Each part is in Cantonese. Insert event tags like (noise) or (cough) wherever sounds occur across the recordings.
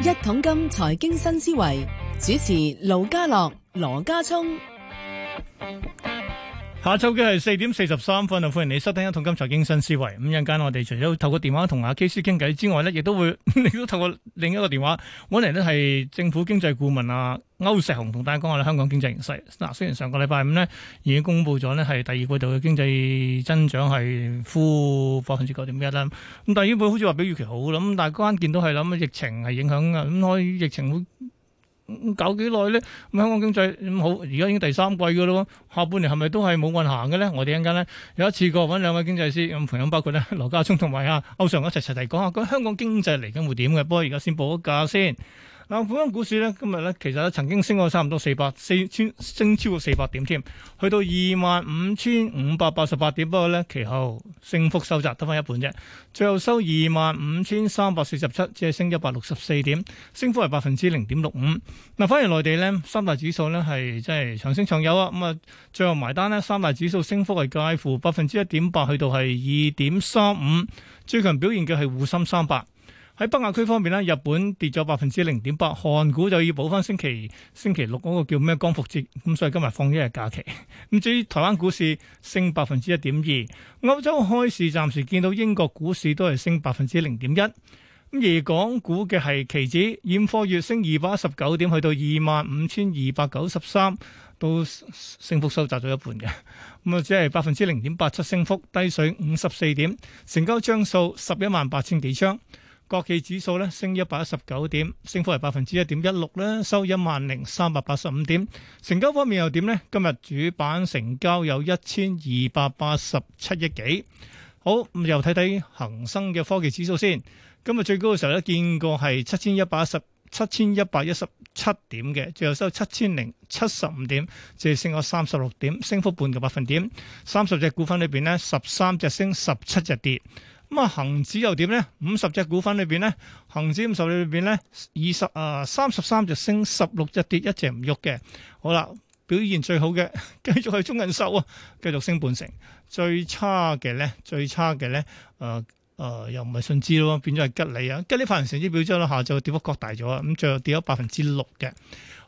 一桶金財經新思維，主持盧家樂、羅家聰。下週嘅係四點四十三分啊！歡迎你收聽一套《今財經新思維》。咁一陣間，我哋除咗透過電話同阿 KC 傾偈之外咧，亦都會亦都透過另一個電話搵嚟咧，係政府經濟顧問阿歐錫熊同大家講下咧香港經濟形勢。嗱，雖然上個禮拜五咧已經公布咗咧係第二季度嘅經濟增長係負百分之九點一啦。咁但係呢本好似話比預期好啦。咁但係關鍵都係諗疫情係影響嘅。咁開疫情。搞幾耐咧？咁香港經濟咁、嗯、好，而家已經第三季嘅咯，下半年係咪都係冇運行嘅咧？我哋陣間咧有一次過揾兩位經濟師，咁、嗯、包括咧羅家聰同埋阿歐常一齊齊齊講下，咁香港經濟嚟緊會點嘅？不過而家先報個價先。嗱，本港股市咧，今日咧，其實咧曾經升過差唔多四百四千，升超過四百點添，去到二萬五千五百八十八點。不過咧，其後升幅收窄，得翻一半啫。最後收二萬五千三百四十七，只係升一百六十四點，升幅係百分之零點六五。嗱，反而內地咧，三大指數咧係即係長升長有啊。咁啊，最後埋單咧，三大指數升幅係介乎百分之一點八，去到係二點三五。最近表現嘅係滬深三百。喺北亞區方面咧，日本跌咗百分之零點八，韓股就要補翻星期星期六嗰個叫咩光復節，咁所以今日放一日假期。咁至於台灣股市升百分之一點二，歐洲開市暫時見到英國股市都係升百分之零點一。咁而港股嘅係期指，現貨月升二百一十九點，去到二萬五千二百九十三，都升幅收窄咗一半嘅。咁啊，只係百分之零點八七升幅，低水五十四點，成交張數十一萬八千幾張。國企指數咧，升一百一十九點，升幅係百分之一點一六咧，收一萬零三百八十五點。成交方面又點呢？今日主板成交有一千二百八十七億幾。好，咁又睇睇恒生嘅科技指數先。今日最高嘅時候咧，見過係七千一百一十、七千一百一十七點嘅，最後收七千零七十五點，即係升咗三十六點，升幅半個百分點。三十隻股份裏邊呢，十三隻升，十七隻跌。咁啊，恒指又點咧？五十隻股份裏邊咧，恒指五十裏邊咧，二十啊三十三隻升，十六隻跌，一隻唔喐嘅。好啦，表現最好嘅繼續係中銀收啊，繼續升半成。最差嘅咧，最差嘅咧，誒、呃、誒、呃、又唔係信資咯，變咗係吉利啊！吉利發行成績表之後，下晝跌幅擴大咗啊！咁最後跌咗百分之六嘅。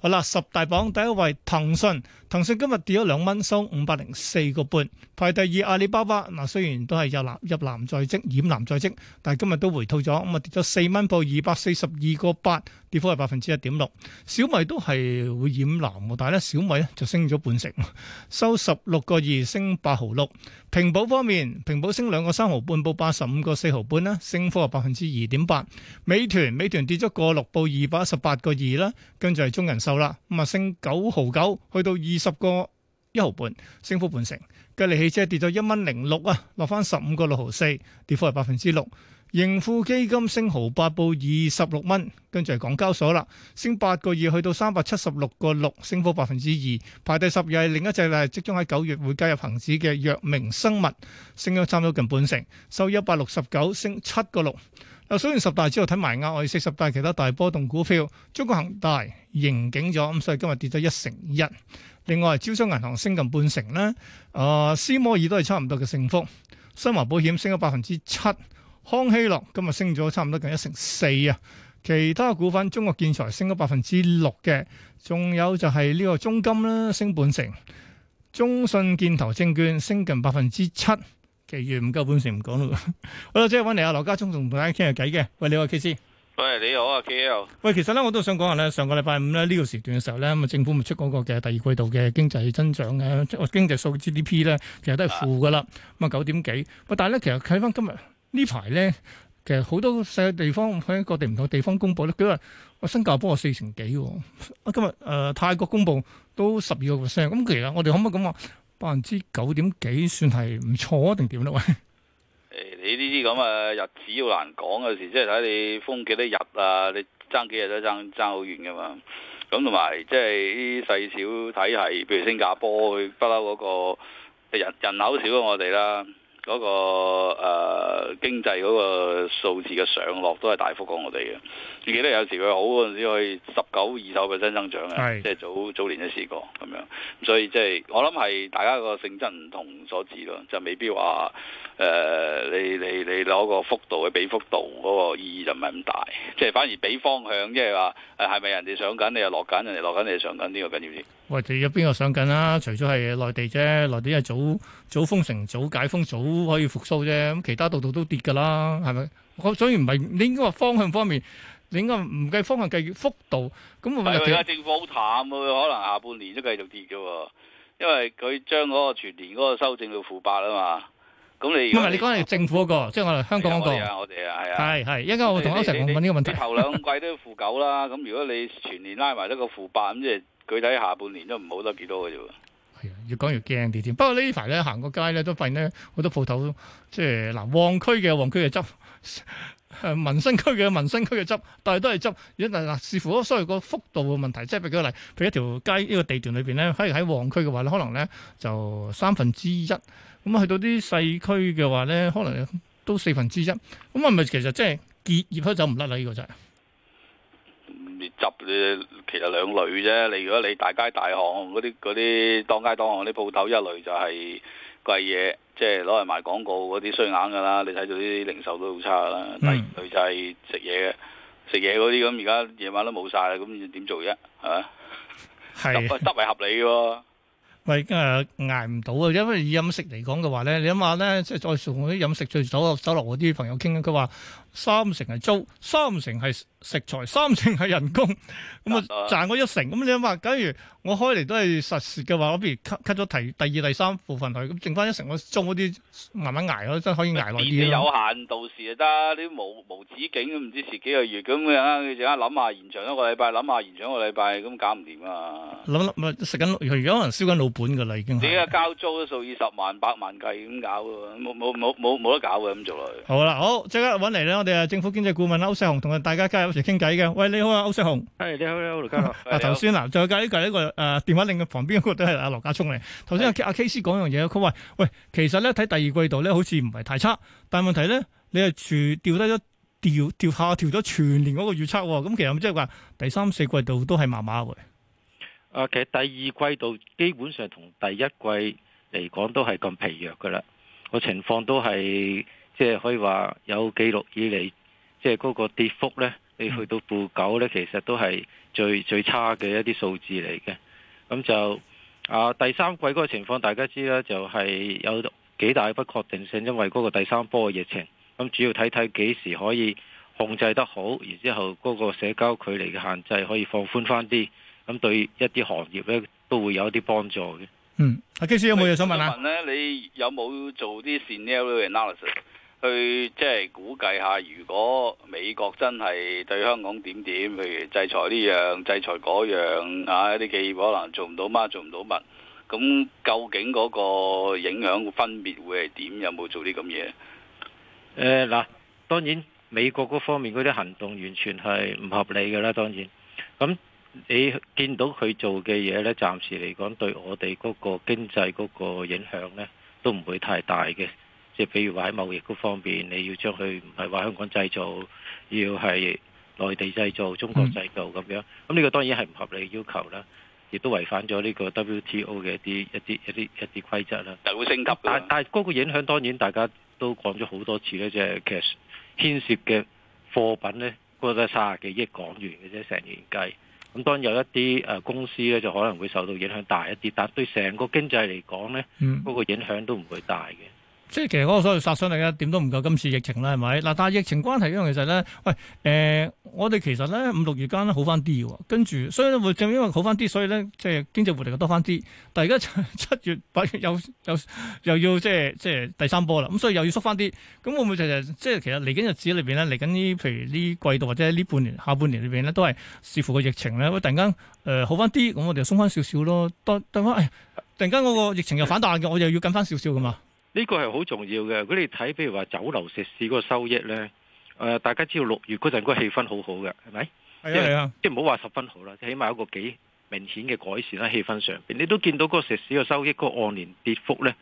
好啦，十大榜第一位騰訊，騰訊今日跌咗兩蚊，收五百零四個半。排第二阿里巴巴，嗱雖然都係入藍入藍在即染藍在即，但係今日都回吐咗，咁啊跌咗四蚊，報二百四十二個八，跌幅係百分之一點六。小米都係會染藍，但係咧小米咧就升咗半成，收十六個二，升八毫六。平保方面，平保升兩個三毫半，報八十五個四毫半啦，升幅係百分之二點八。美團美團跌咗個六，報二百一十八個二啦，跟住係中銀。啦，咁啊升九毫九，去到二十個一毫半，升幅半成。吉利汽車跌咗一蚊零六啊，落翻十五個六毫四，跌幅係百分之六。盈富基金升毫八，報二十六蚊，跟住係港交所啦，升八個二，去到三百七十六個六，升幅百分之二。排第十嘅係另一隻，係即將喺九月會加入恒指嘅藥明生物，升咗三，升咗近半成，收一百六十九，升七個六。有收完十大之後睇埋啱，看看額外哋十大其他大波動股票，中國恒大盈警咗，咁所以今日跌咗一成一。另外招商銀行升近半成啦，啊、呃，斯摩爾都係差唔多嘅升幅，新華保險升咗百分之七，康希諾今日升咗差唔多近一成四啊。其他股份，中國建材升咗百分之六嘅，仲有就係呢個中金啦，升半成，中信建投證券升近百分之七。其餘唔夠本成唔講咯，好啦，即係揾嚟阿羅家聰同大家傾下偈嘅。喂，你好 K C。喂，你好啊 K L。喂，其實咧 (laughs) (laughs) (laughs) (laughs) (laughs) (laughs) 我都想講下啊，上個禮拜五咧呢、這個時段嘅時候咧，咁啊政府咪出嗰個嘅第二季度嘅經濟增長嘅、啊、經濟數字 G D P 咧，其實都係負噶啦，咁啊九點幾。但係咧，其實睇翻今日呢排咧，其實好多細嘅地方喺各地唔同地方公布咧，佢話我新加坡啊四成幾，我今日誒、呃、泰國公布都十二個 percent。咁其實我哋可唔可以咁話？百分之九點幾算係唔錯定點咧？喂，誒，你呢啲咁嘅日子要難講有時，即係睇你封幾多日啊！你爭幾日都爭爭好遠噶嘛？咁同埋即係啲細小體系，譬如新加坡佢不嬲嗰個人人口少過我哋啦。嗰、那個誒、呃、經濟嗰個數字嘅上落都係大幅過我哋嘅，你記得有時佢好嗰陣時可以十九、二十 percent 增長啊，是即係早早年都試過咁樣，所以即係我諗係大家個性質唔同所致咯，就未必話誒、呃、你你你攞個幅度去比幅度嗰個意義就唔係咁大，即係反而比方向，即係話係咪人哋上緊，你又落緊；人哋落緊，你又上緊，呢、這個緊要啲。喂，哋有邊個上緊啦？除咗係內地啫，內地係早早封城、早解封、早可以復甦啫。咁其他度度都跌噶啦，係咪？所以唔係，你應該話方向方面，你應該唔計方向，計幅度。咁係啊，政府好淡喎，可能下半年都繼續跌㗎。因為佢將嗰個全年嗰個修正到負八啊嘛。咁你唔係你講係政府嗰個，即係我哋香港嗰個。我哋啊，我哋啊，係啊，係係。而家我同歐成文問呢個問題。頭兩季都要負九啦，咁如果你全年拉埋咗個負八，咁即係。具體下半年都唔好得幾多嘅啫喎，係啊，越講越驚啲添。不過呢排咧行個街咧都發現咧好多鋪頭，即係嗱旺區嘅旺區嘅執，誒 (laughs) 民生區嘅民生區嘅執，但係都係執。如果嗱視乎所謂個幅度嘅問題，即係譬如舉個例，譬如一條街呢、這個地段裏邊咧，喺喺旺區嘅話可能咧就三分之一，咁啊去到啲細區嘅話咧，可能都四分之一。咁係咪其實即係結業都走唔甩啦？呢、這個就係、是。執其實兩類啫，你如果你大街大巷嗰啲啲當街當巷啲鋪頭，一類就係貴嘢，即係攞嚟賣廣告嗰啲衰眼噶啦，你睇到啲零售都好差噶啦。嗯、第二類就係食嘢，嘅，食嘢嗰啲咁，而家夜晚都冇晒啦，咁點做啫？係嘛是？得係合理喎、啊，咪誒、 (laughs) 嗯呃、捱唔到啊！因為以飲食嚟講嘅話咧，你諗下咧，即係再從我啲飲食最酒、落酒樓我啲朋友傾，佢話三成係租，三成係。食材三成係人工，咁啊賺嗰一成，咁你諗下，假如我開嚟都係實時嘅話，我不如 cut cut 咗提第二、第三部分去。咁剩翻一成，我租嗰啲慢慢捱咯，真係可以捱耐啲。有限，度時就得你無無止境，唔知時幾個月咁樣，你陣間諗下延長一個禮拜，諗下延長一個禮拜，咁搞唔掂啊！諗唔食緊，而家可能燒緊老本噶啦，已經。你而家交租都數以十萬、百萬計咁搞喎，冇冇冇冇冇得搞嘅咁做落去。好啦，好即刻揾嚟咧，我哋政府經濟顧問歐錫熊同大家有時傾偈嘅，喂你好歐啊，歐錫熊，係你好啊，羅家聰。啊，頭先嗱，再講呢個一個誒電話令嘅旁邊嗰個都係阿羅家聰嚟。頭先阿阿 KC 講樣嘢，佢話喂，其實咧睇第二季度咧，好似唔係太差，但係問題咧，你係全調低咗調調下調咗全年嗰個預測，咁、哦嗯、其實即係話第三四季度都係麻麻嘅。啊，其實第二季度基本上同第一季嚟講都係咁疲弱噶啦，個情況都係即係可以話有記錄以嚟，即係嗰個跌幅咧。你、嗯、去到負九呢，其實都係最最差嘅一啲數字嚟嘅。咁、嗯、就啊，第三季嗰個情況，大家知啦，就係、是、有幾大不確定性，因為嗰個第三波嘅疫情。咁、嗯、主要睇睇幾時可以控制得好，然之後嗰個社交距離嘅限制可以放寬翻啲，咁、嗯、對一啲行業呢都會有一啲幫助嘅。嗯，阿家聰有冇嘢想問啊？問咧，你有冇做啲 scenario analysis？去即係估計下，如果美國真係對香港點點，譬如制裁呢樣、制裁嗰樣啊，啲企業可能做唔到孖、做唔到密，咁究竟嗰個影響分別會係點？有冇做啲咁嘢？誒嗱，當然美國嗰方面嗰啲行動完全係唔合理嘅啦。當然，咁你見到佢做嘅嘢呢，暫時嚟講對我哋嗰個經濟嗰個影響呢，都唔會太大嘅。即係譬如話喺貿易嗰方面，你要將佢唔係話香港製造，要係內地製造、中國製造咁樣，咁呢個當然係唔合理嘅要求啦，亦都違反咗呢個 WTO 嘅一啲一啲一啲一啲規則啦。但會升級啦。但係嗰個影響當然大家都講咗好多次咧，即係其實牽涉嘅貨品咧，嗰個都係卅幾億港元嘅啫，成年計。咁當然有一啲誒公司咧，就可能會受到影響大一啲，但係對成個經濟嚟講咧，嗰個影響都唔會大嘅。即係其實嗰個所謂殺傷力一點都唔夠今次疫情啦，係咪？嗱，但係疫情關係咧，其實咧，喂、哎，誒、呃，我哋其實咧五六月間好翻啲，跟住所以會正因為好翻啲，所以咧即係經濟活力多翻啲。但係而家七月八月又又又要，又要即係即係第三波啦，咁所以又要縮翻啲。咁會唔會就就是、即係其實嚟緊日子裏邊咧，嚟緊呢譬如呢季度或者呢半年下半年裏邊咧，都係視乎個疫情咧，突然間誒、呃、好翻啲，咁我哋就鬆翻少少咯。但但係、哎、突然間嗰個疫情又反彈嘅，我又要緊翻少少噶嘛。呢個係好重要嘅，如果你睇譬如話酒樓食肆嗰個收益呢，誒、呃，大家知道六月嗰陣嗰個氣氛好好嘅，係咪？係啊係啊，即係唔好話十分好啦，起碼有個幾明顯嘅改善喺氣氛上邊。你都見到個食肆嘅收益，個按年跌幅呢，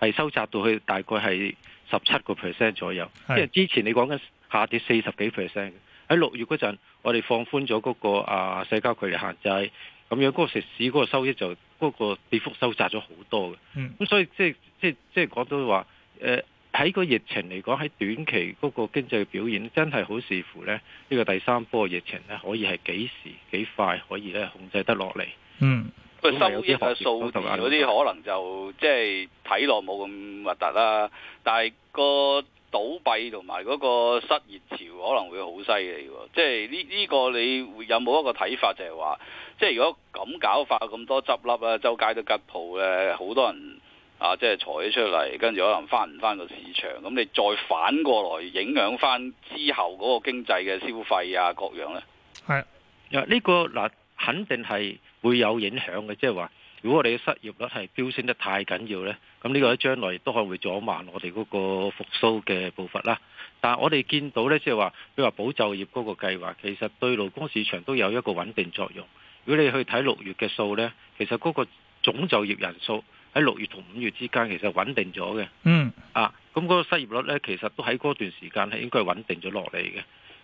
係收窄到去大概係十七個 percent 左右，的即係之前你講緊下跌四十幾 percent，喺六月嗰陣我哋放寬咗嗰、那個啊社交距離限制。咁樣嗰個食肆嗰個收益就嗰個跌幅收窄咗好多嘅，咁所以即係即係即係講到話，誒喺個疫情嚟講，喺短期嗰個經濟嘅表現真係好視乎咧，呢個第三波嘅疫情咧可以係幾時幾快可以咧控制得落嚟。嗯，個收益嘅數字嗰啲可能就即係睇落冇咁核突啦，但係個倒閉同埋嗰個失業潮可能會好犀利喎，即係呢呢個你有冇一個睇法就係、是、話，即係如果咁搞法咁多執笠啊，周街都吉鋪咧，好多人啊，即係裁出嚟，跟住可能翻唔翻個市場，咁你再反過來影響翻之後嗰個經濟嘅消費啊各樣咧？係啊呢個嗱、呃、肯定係會有影響嘅，即係話。如果我哋嘅失業率係飆升得太緊要呢，咁呢個喺將來都可能會阻慢我哋嗰個復甦嘅步伐啦。但係我哋見到呢，即係話，譬如話保就業嗰個計劃，其實對勞工市場都有一個穩定作用。如果你去睇六月嘅數呢，其實嗰個總就業人數喺六月同五月之間其實穩定咗嘅。嗯。Mm. 啊，咁嗰個失業率呢，其實都喺嗰段時間係應該係穩定咗落嚟嘅。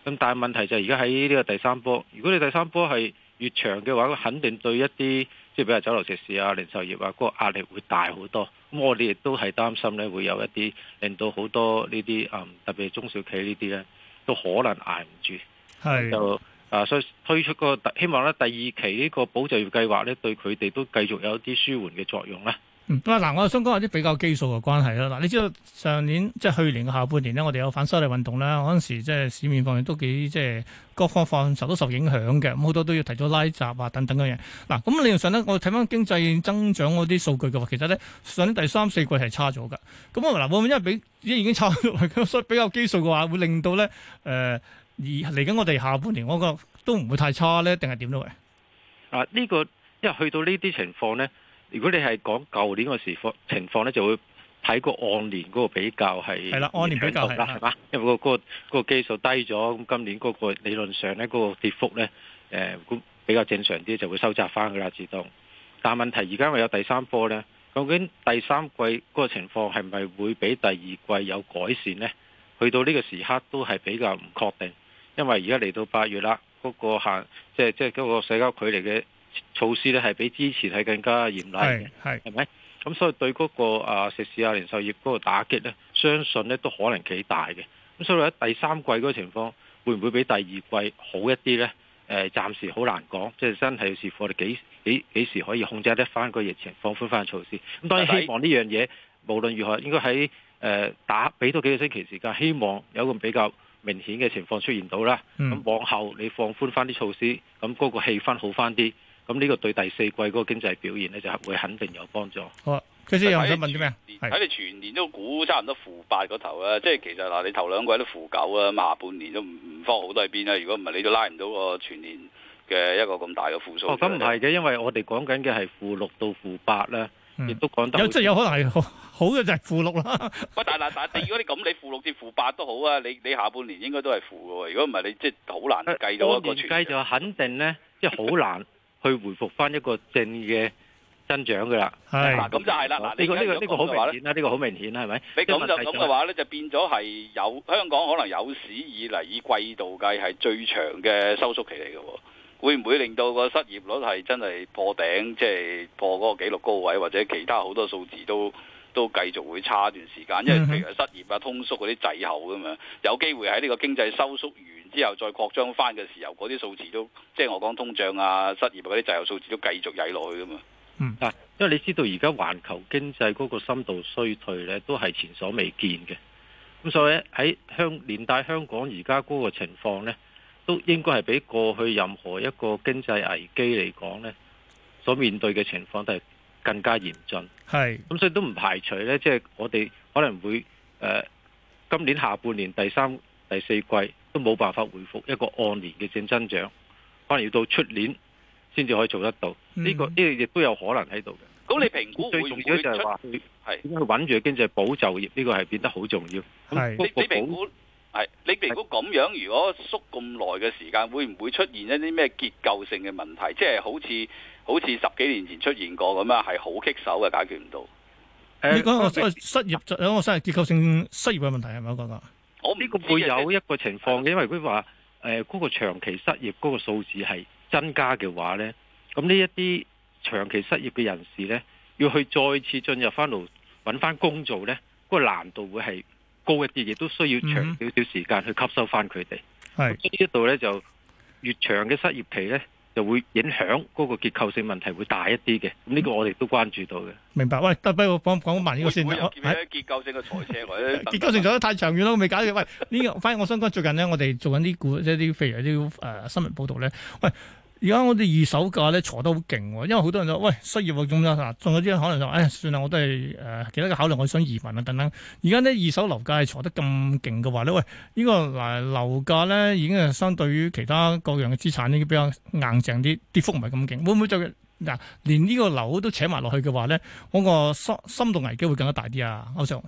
咁但係問題就係而家喺呢個第三波，如果你第三波係，越長嘅話，肯定對一啲即係比如酒樓食肆啊、零售業啊，嗰個壓力會大好多。咁我哋亦都係擔心咧，會有一啲令到好多呢啲嗯，特別係中小企呢啲咧，都可能捱唔住。係是就啊，所以推出個希望咧，第二期呢個保就業計劃咧，對佢哋都繼續有一啲舒緩嘅作用咧。嗯，嗱、啊，我又想講下啲比較基數嘅關係啦。嗱、啊，你知道上年即係去年嘅、就是、下半年咧，我哋有反修例運動啦。嗰陣時即係市面況都幾即係、就是、各方，方面受都受影響嘅，咁好多都要提早拉閘啊等等嘅嘢。嗱、啊，咁理論上咧，我睇翻經濟增長嗰啲數據嘅話，其實咧上年第三四季係差咗嘅。咁我嗱，我、啊、因為比已經已經差， (laughs) 所以比較基數嘅話，會令到咧誒、呃、而嚟緊我哋下半年，我覺得都唔會太差咧，定係點咧？嗱、啊，呢、這個因為去到呢啲情況咧。如果你係講舊年個時況情況咧，就會睇個按年嗰個比較係。係啦，按年比較係啦，係嘛？因為、嗰個因為、嗰個、嗰個基數低咗，咁今年嗰個理論上咧，嗰個跌幅咧，誒、呃，咁比較正常啲，就會收窄返㗎啦，自動。但問題而家咪有第三波咧？究竟第三季嗰個情況係咪會比第二季有改善咧？去到呢個時刻都係比較唔確定，因為而家嚟到八月啦，嗰、嗰個限，即係即係嗰個社交距離嘅。措施咧係比之前係更加嚴厲嘅，係係，係咪？咁所以對嗰、那個、呃、食啊食肆啊零售業嗰個打擊咧，相信咧都可能幾大嘅。咁所以喺第三季嗰個情況，會唔會比第二季好一啲咧？誒、呃，暫時好難講，即係真係要視乎我哋幾幾幾時可以控制得翻個疫情，放寬翻個措施。咁當然希望呢樣嘢，無論如何，應該喺誒、呃、打俾多幾個星期時間，希望有個比較明顯嘅情況出現到啦。咁、嗯、往後你放寬翻啲措施，咁嗰個氣氛好翻啲。咁呢個對第四季嗰個經濟表現咧，就係會肯定有幫助。好、啊，其實我想問啲咩啊？睇你，是你全年都估差唔多負八個頭啦，是即係其實嗱，你頭兩季都負九啦，下半年都唔唔方好多喺邊啦？如果唔係，你都拉唔到個全年嘅一個咁大嘅負數。哦，咁唔係嘅，因為我哋講緊嘅係負六到負八啦、嗯，亦都講得有即係有可能係好嘅就係負六啦。喂， (laughs) 但係但係，如果你咁，你負六至負八都好啊，你你下半年應該都係負嘅。如果唔係，你即係好難計到一個全年， (laughs) 果年、就是、計就肯定咧，即係好難。去回復翻一個正嘅增長嘅啦，嗱咁的、啊、就係啦，呢、啊這個呢、這個呢個好明顯啦，呢話個好明顯啦，係咪？咁就咁嘅話咧，就變咗係有香港可能有史以嚟以季度計係最長嘅收縮期嚟嘅，會唔會令到個失業率係真係破頂，即係破嗰個紀錄高位，或者其他好多數字都？都繼續會差一段時間，因為譬如失業啊、通縮嗰啲滯後噶嘛，有機會喺呢個經濟收縮完之後再擴張翻嘅時候，嗰啲數字都即係我講通脹啊、失業嗰啲滯後數字都繼續曳落去噶嘛。嗯，啊，因為你知道而家環球經濟嗰個深度衰退呢，都係前所未見嘅。咁所以喺香連帶香港而家嗰個情況呢，都應該係比過去任何一個經濟危機嚟講呢，所面對嘅情況都係更加嚴峻。係，咁是所以都唔排除咧，即、就、係、是、我哋可能會誒、呃，今年下半年第三、第四季都冇辦法回復一個按年嘅正增長，可能要到出年先至可以做得到。呢、這個呢、這個亦都有可能喺度嘅。咁、嗯、你評估最重要會唔會出？係點解穩住經濟保就業呢、這個係變得好重要？係是你你評估係是是你評估咁樣，如果縮咁耐嘅時間，會唔會出現一啲咩結構性嘅問題？即、就、係、是、好似。好似十幾年前出現過咁啊，係好棘手嘅，解決唔到。呃、你講個失業，有失業結構性失業嘅問題係咪我嗰個？我呢個會有一個情況嘅，呃、因為如果話誒嗰個長期失業嗰個數字係增加嘅話咧，咁呢一啲長期失業嘅人士咧，要去再次進入翻勞揾翻工做咧，嗰、嗰個難度會係高一啲，亦都需要長少少時間去吸收翻佢哋。係、嗯嗯、呢一度咧就越長嘅失業期咧。就會影響嗰個結構性問題會大一啲嘅，呢、這個我哋都關注到嘅。明白，喂，不如我講講埋呢個先。我又結構性嘅財政來？ (laughs) 結構性做得太長遠咯，未搞嘅。喂，呢個 (laughs) 反而我想講，最近咧，我哋做緊啲股，即係啲譬如啲誒新聞報道咧，喂。而家我哋二手價咧挫得好勁。哦，因為好多人就喂，失業嗰種啦，仲有啲可能就誒算啦，我都係誒、呃、其他嘅考慮，我想移民啊等等。而家咧二手樓價係挫得咁勁嘅話咧，喂、這個呃、樓價呢個嗱樓價咧已經係相對於其他各樣嘅資產已經比較硬淨啲，跌幅唔係咁勁，會唔會就嗱、呃、連呢個樓都扯埋落去嘅話咧，嗰、那個信心度危機會更加大啲啊？歐生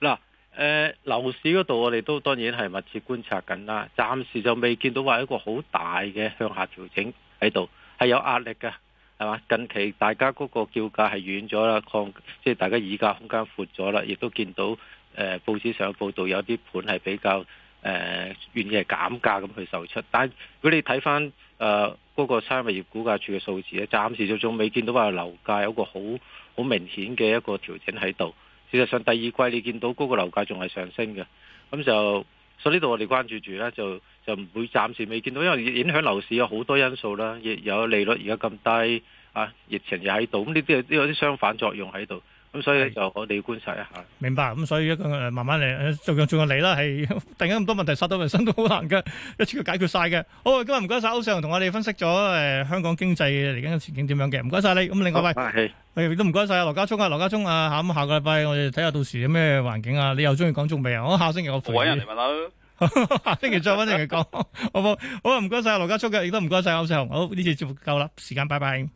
嗱。誒、呃、樓市嗰度，我哋都當然係密切觀察緊啦。暫時就未見到話一個好大嘅向下調整喺度，係有壓力嘅，係嘛？近期大家嗰個叫價係軟咗啦，即係大家議價空間闊咗啦，亦都見到誒、呃、報紙上報道有啲盤係比較誒、呃、願意係減價咁去售出。但如果你睇翻誒嗰個差餉物業估價署嘅數字咧，暫時就仲未見到話樓價有個好好明顯嘅一個調整喺度。事實上，第二季你見到嗰個樓價仲係上升嘅，咁就所以呢度我哋關注住咧，就就唔會暫時未見到，因為影響樓市有好多因素啦，亦有利率而家咁低啊，疫情又喺度，咁呢啲都有啲相反作用喺度。所以就我哋觀察一下。明白，咁所以一個誒，慢慢嚟，逐個逐個嚟啦。係突然間咁多問題殺到人身都好難嘅，一次要解決曬嘅。好，今日唔該曬歐錫熊同我哋分析咗誒香港經濟嚟緊嘅前景點樣嘅，唔該曬你。咁另外，喂，係，都唔該曬啊，羅家聰啊，羅家聰啊嚇。咁下個禮拜我哋睇下到時有咩環境啊？你又中意講中文啊？我下星期我揾人嚟問啦。下星期再揾人嚟講，好冇？好啊，唔該曬啊，羅家聰嘅，亦都唔該曬歐錫熊。好，呢次節目夠啦，時間，拜拜。